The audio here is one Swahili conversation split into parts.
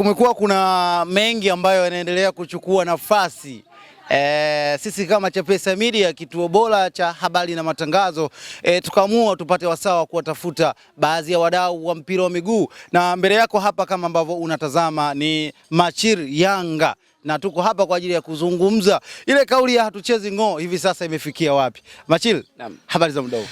kumekuwa kuna mengi ambayo yanaendelea kuchukua nafasi e, sisi kama Chapesa Media kituo bora cha habari na matangazo e, tukaamua tupate wasaa wa kuwatafuta baadhi ya wadau wa mpira wa miguu, na mbele yako hapa kama ambavyo unatazama ni Machir Yanga na tuko hapa kwa ajili ya kuzungumza ile kauli ya hatuchezi ng'oo, hivi sasa imefikia wapi? Machil, habari za mdogo.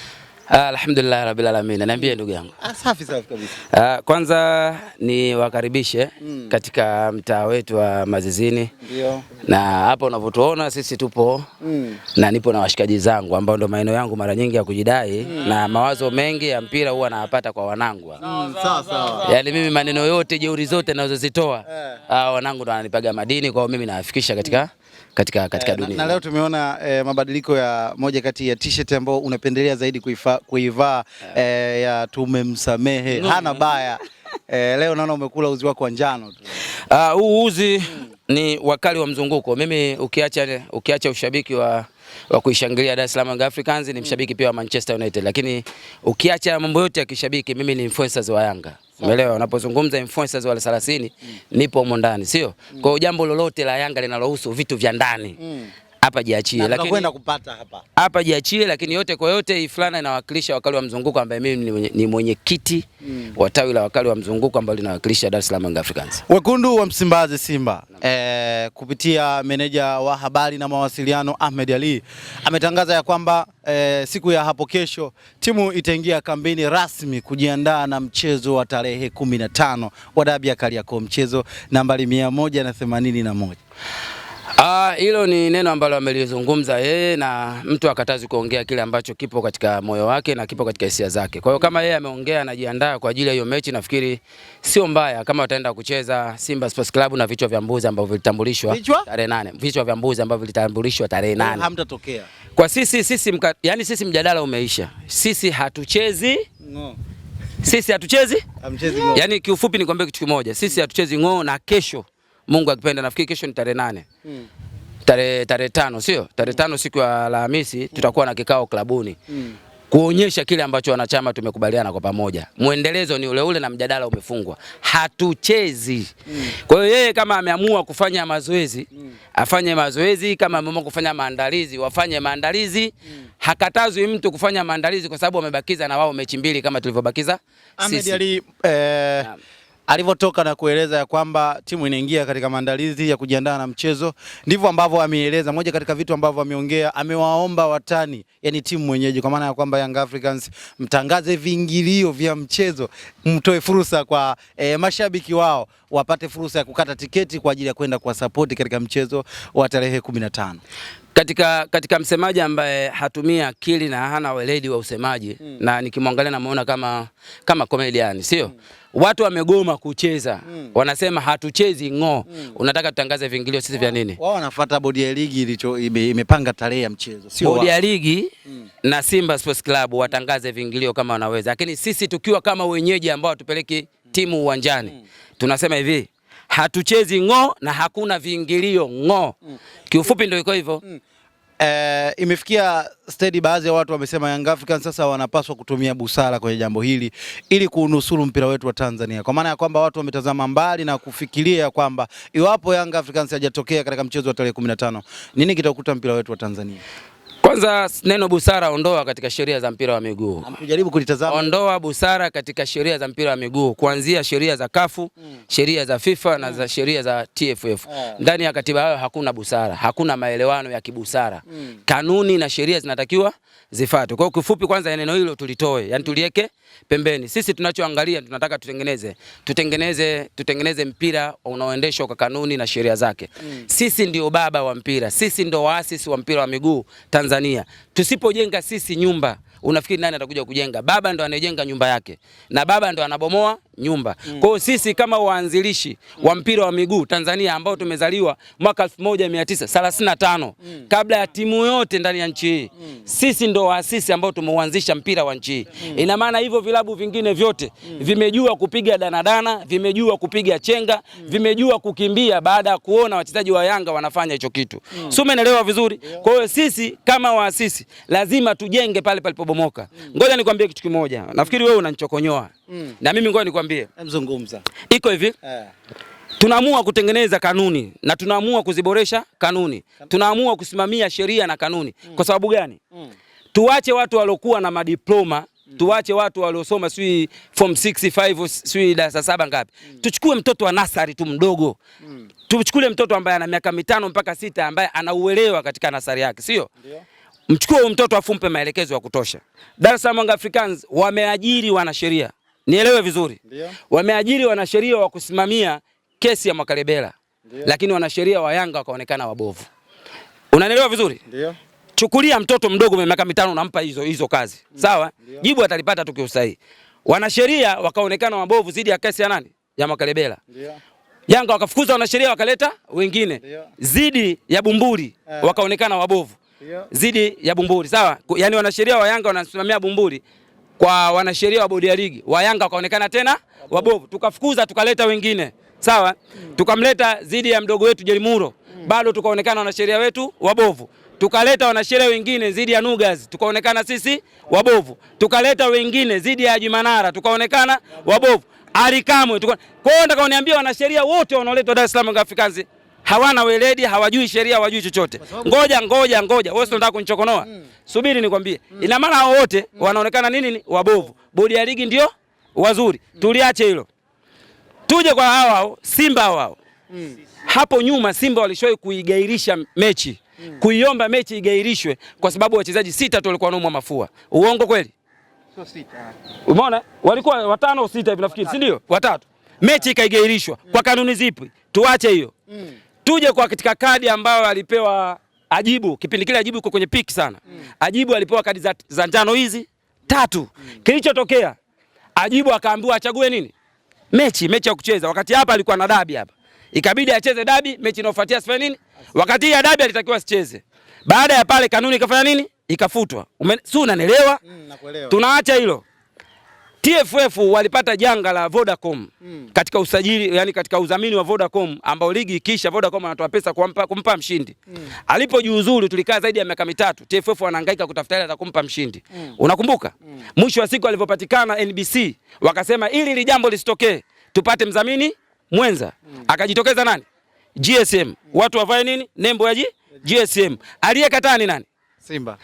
Ah, alhamdulillah rabbil alamin. Niambie ndugu yangu. Ah, safi safi kabisa. Ah, kwanza ni wakaribishe mm. katika mtaa wetu wa Mazizini. Ndio. Na hapo unavyotuona sisi tupo mm. na nipo na washikaji zangu ambao ndo maeneo yangu mara nyingi ya kujidai mm. na mawazo mengi ya mpira huwa nayapata kwa wanangu. Mm, sawa sawa. Yaani mimi maneno yote jeuri zote nazozitoa eh. Ah, wanangu ndo wananipaga madini kwa hiyo mimi nawafikisha katika mm katika, eh, katika dunia. Na, na leo tumeona e, mabadiliko ya moja kati ya t-shirt ambayo unapendelea zaidi kuivaa e, ya tumemsamehe no, hana baya e, leo naona umekula uzi wako wa njano tu ah, huu uh, uzi hmm, ni wakali wa mzunguko. Mimi ukiacha ukiacha ushabiki wa wa kuishangilia Dar es Salaam Young Africans, ni mshabiki pia wa Manchester United, lakini ukiacha mambo yote ya kishabiki, mimi ni influencers wa Yanga. Umeelewa? Unapozungumza influencers wale 30 nipo humo ndani, sio? Mm. Kwa hiyo jambo lolote la Yanga linalohusu vitu vya ndani mm hapa jiachie, lakini kupata hapa hapa jiachie, lakini yote kwa yote hii fulana inawakilisha wakali wa mzunguko ambaye mimi ni mwenyekiti mm. wa tawi la wakali wa mzunguko ambao linawakilisha Dar es Salaam Young Africans. Wekundu wa Msimbazi Simba e, kupitia meneja wa habari na mawasiliano Ahmed Ali ametangaza ya kwamba e, siku ya hapo kesho timu itaingia kambini rasmi kujiandaa na mchezo wa tarehe 15 wa dabi ya Kariakoo, mchezo nambari 181 na Ah, Hilo ni neno ambalo amelizungumza yeye na mtu akatazi kuongea kile ambacho kipo katika moyo wake na kipo katika hisia zake. Kwa hiyo kama yeye ameongea anajiandaa kwa ajili ya hiyo mechi, nafikiri sio mbaya kama wataenda kucheza Simba Sports Club na vichwa vya mbuzi ambavyo vilitambulishwa tarehe nane. Vichwa vya mbuzi ambavyo vilitambulishwa tarehe eh, nane. Hamtatokea. Kwa sisi sisi mka, yani sisi mjadala umeisha. Sisi hatuchezi no. Sisi hatuchezi? Hamchezi ng'oo. Yaani kiufupi nikwambie kitu kimoja. Sisi hatuchezi ng'oo na kesho Mungu akipenda nafikiri kesho ni tarehe nane mm. tarehe tarehe tano sio tarehe hmm. tano mm. siku ya Alhamisi hmm. tutakuwa na kikao klabuni mm. kuonyesha kile ambacho wanachama tumekubaliana kwa pamoja. Mwendelezo ni ule ule na mjadala umefungwa, hatuchezi mm. kwa hiyo yeye kama ameamua kufanya mazoezi mm. afanye mazoezi, kama ameamua kufanya maandalizi wafanye maandalizi mm. Hakatazwi mtu kufanya maandalizi kwa sababu wamebakiza na wao mechi mbili kama tulivyobakiza sisi. Ahmed Ali eh, alivyotoka na kueleza ya kwamba timu inaingia katika maandalizi ya kujiandaa na mchezo, ndivyo ambavyo ameeleza. Moja katika vitu ambavyo ameongea, amewaomba watani, yani timu mwenyeji, kwa maana ya kwamba Young Africans mtangaze viingilio vya mchezo, mtoe fursa kwa e, mashabiki wao wapate fursa ya kukata tiketi kwa ajili ya kwenda kuwasapoti katika mchezo wa tarehe 15 katika, katika msemaji ambaye hatumia akili na hana weledi wa usemaji mm. na nikimwangalia namuona kama, kama comedian sio mm. Watu wamegoma kucheza mm. wanasema hatuchezi ng'o mm. unataka tutangaze vingilio sisi vya nini? Wao wanafuata bodi ya ligi ilicho imepanga tarehe ya mchezo, sio bodi ya ligi mm. na Simba Sports Club watangaze vingilio kama wanaweza, lakini sisi tukiwa kama wenyeji ambao tupeleki hmm. timu uwanjani mm. tunasema hivi hatuchezi ng'o na hakuna viingilio ng'o mm. Kiufupi ndio iko hivyo mm. E, imefikia stedi baadhi ya watu wamesema Young Africans sasa wanapaswa kutumia busara kwenye jambo hili ili kuunusuru mpira wetu wa Tanzania, kwa maana ya kwamba watu wametazama mbali na kufikiria kwamba iwapo Young Africans hajatokea katika mchezo wa tarehe 15 nini kitakuta mpira wetu wa Tanzania. Kwanza neno busara ondoa katika sheria za mpira wa miguu. Amejaribu kulitazama. Ondoa busara katika sheria za mpira wa miguu kuanzia sheria za kafu mm. sheria za FIFA mm. na hmm. za sheria za TFF eh. ndani yeah. ya katiba hayo hakuna busara, hakuna maelewano ya kibusara mm. kanuni na sheria zinatakiwa zifuatwe. Kwa kifupi, kwanza neno hilo tulitoe, yani tulieke pembeni. Sisi tunachoangalia tunataka tutengeneze tutengeneze tutengeneze mpira unaoendeshwa kwa kanuni na sheria zake mm. sisi ndio baba wa mpira, sisi ndio waasisi wa mpira wa miguu Tanzania. Tanzania. Tusipojenga sisi nyumba, unafikiri nani atakuja kujenga? Baba ndo anayejenga nyumba yake na baba ndo anabomoa nyumba. Mm. Kwa hiyo sisi kama waanzilishi mm. wa mpira wa miguu Tanzania ambao tumezaliwa mwaka 1935 mm. kabla ya timu yote ndani ya nchi hii mm. sisi ndo waasisi ambao tumeuanzisha mpira wa nchi hii mm. ina maana hivyo vilabu vingine vyote mm. vimejua kupiga danadana, vimejua kupiga chenga mm. vimejua kukimbia baada ya kuona wachezaji wa Yanga wanafanya hicho kitu mm. si umeelewa vizuri? Kwa hiyo sisi kama waasisi lazima tujenge pale palipobomoka. Mm. Ngoja nikwambie kitu kimoja, nafikiri wewe unanichokonyoa mm. na mimi ngoja nikwambie, mzungumza iko hivi eh. Tunaamua kutengeneza kanuni na tunaamua kuziboresha kanuni, tunaamua kusimamia sheria na kanuni mm. kwa sababu gani? mm. Tuwache watu waliokuwa na madiploma mm. tuwache watu waliosoma sui form 6 5 sui darasa saba ngapi mm. tuchukue mtoto wa nasari tu mdogo mm. tuchukule mtoto ambaye ana miaka mitano mpaka sita ambaye anauelewa katika nasari yake, sio Mchukue mtoto afumpe maelekezo ya kutosha. Dar es Salaam Africans wameajiri wanasheria nielewe vizuri. Ndio. Wameajiri wanasheria wa kusimamia kesi ya Mwakalebela. Lakini wanasheria wa Yanga wakaonekana wabovu. Unanielewa vizuri? Ndio. Chukulia mtoto mdogo mwenye miaka mitano unampa hizo hizo kazi. Ndio. Sawa? Ndio. Jibu atalipata tu kiusahihi. Wanasheria wakaonekana wabovu zidi ya kesi ya nani? Ya Mwakalebela. Ndio. Yanga wakafukuza wanasheria wakaleta wengine. Ndio. Zidi ya Bumburi eh, wakaonekana wabovu. Ndio. Zidi ya Bumburi. Sawa? Yaani wanasheria wa Yanga wanasimamia Bumburi kwa wanasheria wa bodi ya ligi wa Yanga wakaonekana tena wabovu, tukafukuza tukaleta wengine sawa, hmm. tukamleta zidi ya mdogo wetu Jelimuro, hmm. bado tukaonekana wanasheria wetu wabovu tukaleta wanasheria wengine zidi ya Nugas tukaonekana sisi wabovu, tukaleta wengine zidi ya Jumanara tukaonekana wabovu, Alikamwe tuka... kwao ndakaoniambia wanasheria wote wanaoletwa Dar es Salaam Africans hawana weledi, hawajui sheria, hawajui chochote. Ngoja ngoja ngoja, wewe unataka kunichokonoa? Mm. Subiri nikwambie. Mm. Ina maana hao wote mm. wanaonekana nini? ni Wabovu. Bodi ya ligi ndio wazuri, tuliache hilo. Tuje kwa hao hao Simba wao. hao. Hapo nyuma Simba walishowahi kuigairisha mechi, kuiomba mechi igairishwe kwa sababu wachezaji sita tu walikuwa wanaumwa mafua. Uongo kweli? Umeona, walikuwa watano sita hivi nafikiri, si ndio? Watatu. Mechi ikaigairishwa kwa kanuni zipi? Tuache hiyo. Mm. Tuje kwa katika kadi ambayo alipewa Ajibu, kipindi kile Ajibu iko kwenye piki sana. Mm. Ajibu alipewa kadi za, za njano hizi tatu. Mm. Kilichotokea Ajibu akaambiwa achague nini? Mechi, mechi ya kucheza. Wakati hapa alikuwa na dabi hapa. Ikabidi acheze dabi, mechi inayofuatia asifanye nini? Wakati ya dabi alitakiwa asicheze. Baada ya pale kanuni ikafanya nini? Ikafutwa. Si unanielewa? Mm, nakuelewa. Tunaacha hilo. TFF walipata janga la Vodacom mm. katika usajili yani, katika udhamini wa Vodacom ambao ligi ikisha, Vodacom anatoa pesa kumpa, kumpa mshindi mm. alipojiuzuru tulikaa zaidi ya miaka mitatu, TFF wanahangaika kutafuta ile atakumpa mshindi mm. unakumbuka mm. mwisho wa siku alivyopatikana NBC wakasema ili li jambo lisitokee tupate mdhamini mwenza mm. akajitokeza nani GSM mm. watu wavae nini nembo ya GSM aliyekataa ni nani Simba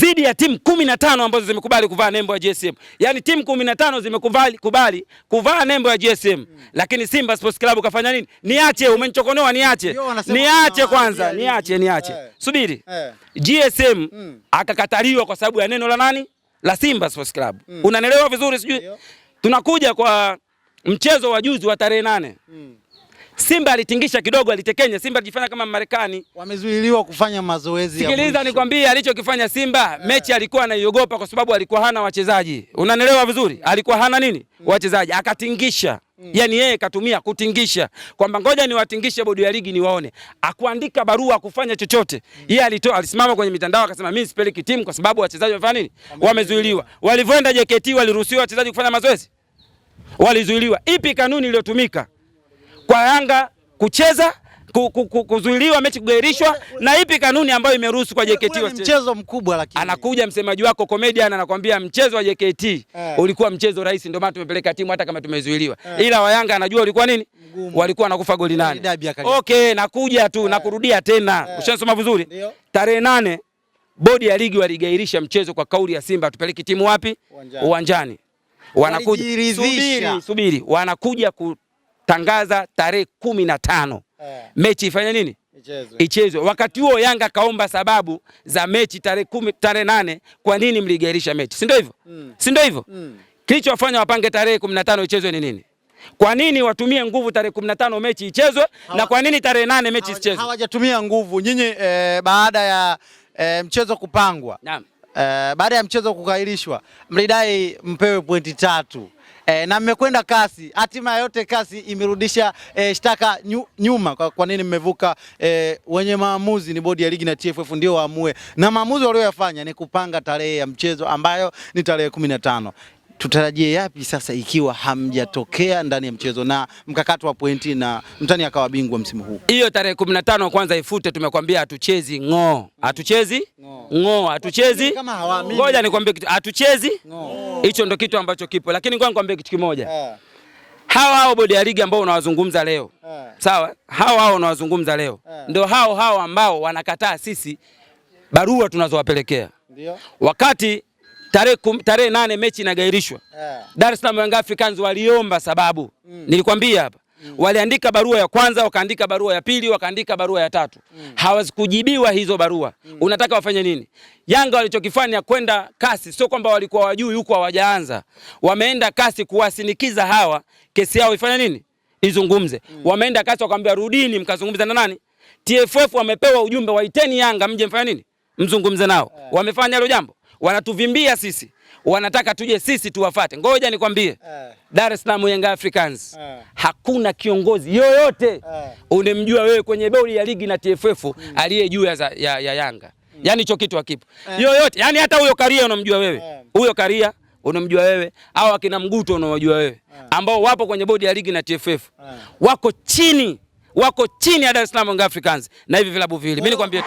dhidi ya timu kumi na tano ambazo zimekubali kuvaa nembo ya GSM. Yaani timu kumi na tano zimekubali kubali kuvaa nembo ya GSM. Mm. Lakini Simba Sports Club kafanya nini? Niache, umenichokonoa niache. Niache ah, kwanza, niache niache. Hey. Subiri. Hey. GSM mm. akakataliwa kwa sababu ya neno la nani? La Simba Sports Club. Mm. Unanielewa vizuri sijui? Tunakuja kwa mchezo wa juzi wa tarehe nane. Mm. Simba alitingisha kidogo, alitekenya. Simba alijifanya kama Marekani, wamezuiliwa kufanya mazoezi. Sikiliza nikwambie alichokifanya Simba yeah. Mechi alikuwa anaiogopa kwa sababu alikuwa hana wachezaji, unanielewa vizuri, alikuwa hana nini mm. wachezaji akatingisha mm. Yani yeye katumia kutingisha kwamba ngoja niwatingishe bodi ya ligi niwaone, akuandika barua kufanya chochote mm. Yeye alitoa alisimama kwenye mitandao akasema mimi sipeleki timu kwa sababu wachezaji wamefanya nini, wamezuiliwa. Walivyoenda JKT waliruhusiwa wachezaji kufanya mazoezi, walizuiliwa. Ipi kanuni iliyotumika? kwa Yanga kucheza kuzuiliwa mechi kugairishwa, na ipi kanuni ambayo imeruhusu kwa JKT? Mchezo mkubwa lakini, anakuja msemaji wako comedian anakuambia mchezo wa JKT eh, ulikuwa mchezo rahisi, ndio maana tumepeleka timu hata kama tumezuiliwa eh, ila wayanga anajua ulikuwa nini Mgumu. walikuwa wanakufa goli yaani nane. Okay, nakuja tu eh, nakurudia tena eh, ushasoma vizuri. Tarehe nane bodi ya ligi waligairisha mchezo kwa kauli ya Simba tupeleke timu wapi? Uwanjani. Uwanjani wanakuja subiri, subiri, wanakuja ku tangaza tarehe kumi na tano yeah. mechi ifanye nini ichezwe. Wakati huo Yanga kaomba sababu za mechi tarehe kumi, tarehe nane, kwa nini mligairisha mechi, si ndio hivyo mm. si ndio hivyo mm. kilichofanya wapange tarehe kumi na tano ichezwe ni nini? Kwa nini watumie nguvu tarehe tano mechi ichezwe na kwa nini tarehe nane mechi isichezwe? Hawajatumia nguvu nyinyi. E, baada ya e, mchezo kupangwa Naam. Eh, baada ya mchezo kukairishwa mlidai mpewe pointi tatu eh, na mmekwenda kasi, hatima yote kasi imerudisha eh, shtaka nyuma. Kwa, kwa nini mmevuka? eh, wenye maamuzi ni bodi ya ligi na TFF ndio waamue, na maamuzi walioyafanya ni kupanga tarehe ya mchezo ambayo ni tarehe kumi na tano tutarajie yapi sasa ikiwa hamjatokea ndani ya mchezo na mkakato wa pointi na mtani akawa bingwa msimu huu? Hiyo tarehe 15 kwanza ifute, tumekwambia hatuchezi ngo hatuchezi ngo, hatuchezi ngoja nikwambie kitu, hatuchezi hicho ndo kitu ambacho kipo, lakini ngoja nikwambie kitu kimoja yeah. Hawa hao bodi ya ligi ambao unawazungumza leo yeah. Sawa, hao hao unawazungumza leo yeah. Ndio hao hao ambao wanakataa sisi barua tunazowapelekea, ndio wakati tarehe tarehe nane mechi inagairishwa yeah. Dar es Salaam Young Africans waliomba sababu mm. Nilikwambia hapa mm. Waliandika barua ya kwanza, wakaandika barua ya pili, wakaandika barua ya tatu mm. Hawazikujibiwa hizo barua mm. Unataka wafanye nini? Yanga walichokifanya kwenda kasi, sio kwamba walikuwa wajui huko hawajaanza, wameenda kasi kuwasinikiza hawa, kesi yao ifanye nini izungumze mm. Wameenda kasi wakamwambia, rudini mkazungumza na nani? TFF wamepewa ujumbe, waiteni Yanga mje mfanye nini mzungumze nao yeah. Wamefanya hilo jambo wanatuvimbia sisi, wanataka tuje sisi tuwafate. Ngoja nikwambie, eh. Dar es Salaam Young Africans eh. hakuna kiongozi yoyote eh. unemjua wewe kwenye bodi ya ligi na TFF mm. aliye juu ya, ya, ya Yanga mm. yani hicho kitu hakipo eh. yoyote, yani hata huyo Karia unamjua wewe eh. huyo eh. Karia unamjua wewe au akina Mguto unawajua wewe eh. ambao wapo kwenye bodi ya ligi na TFF eh. wako chini wako chini ya Dar es Salaam Young Africans na hivi vilabu viwili, mimi nikwambie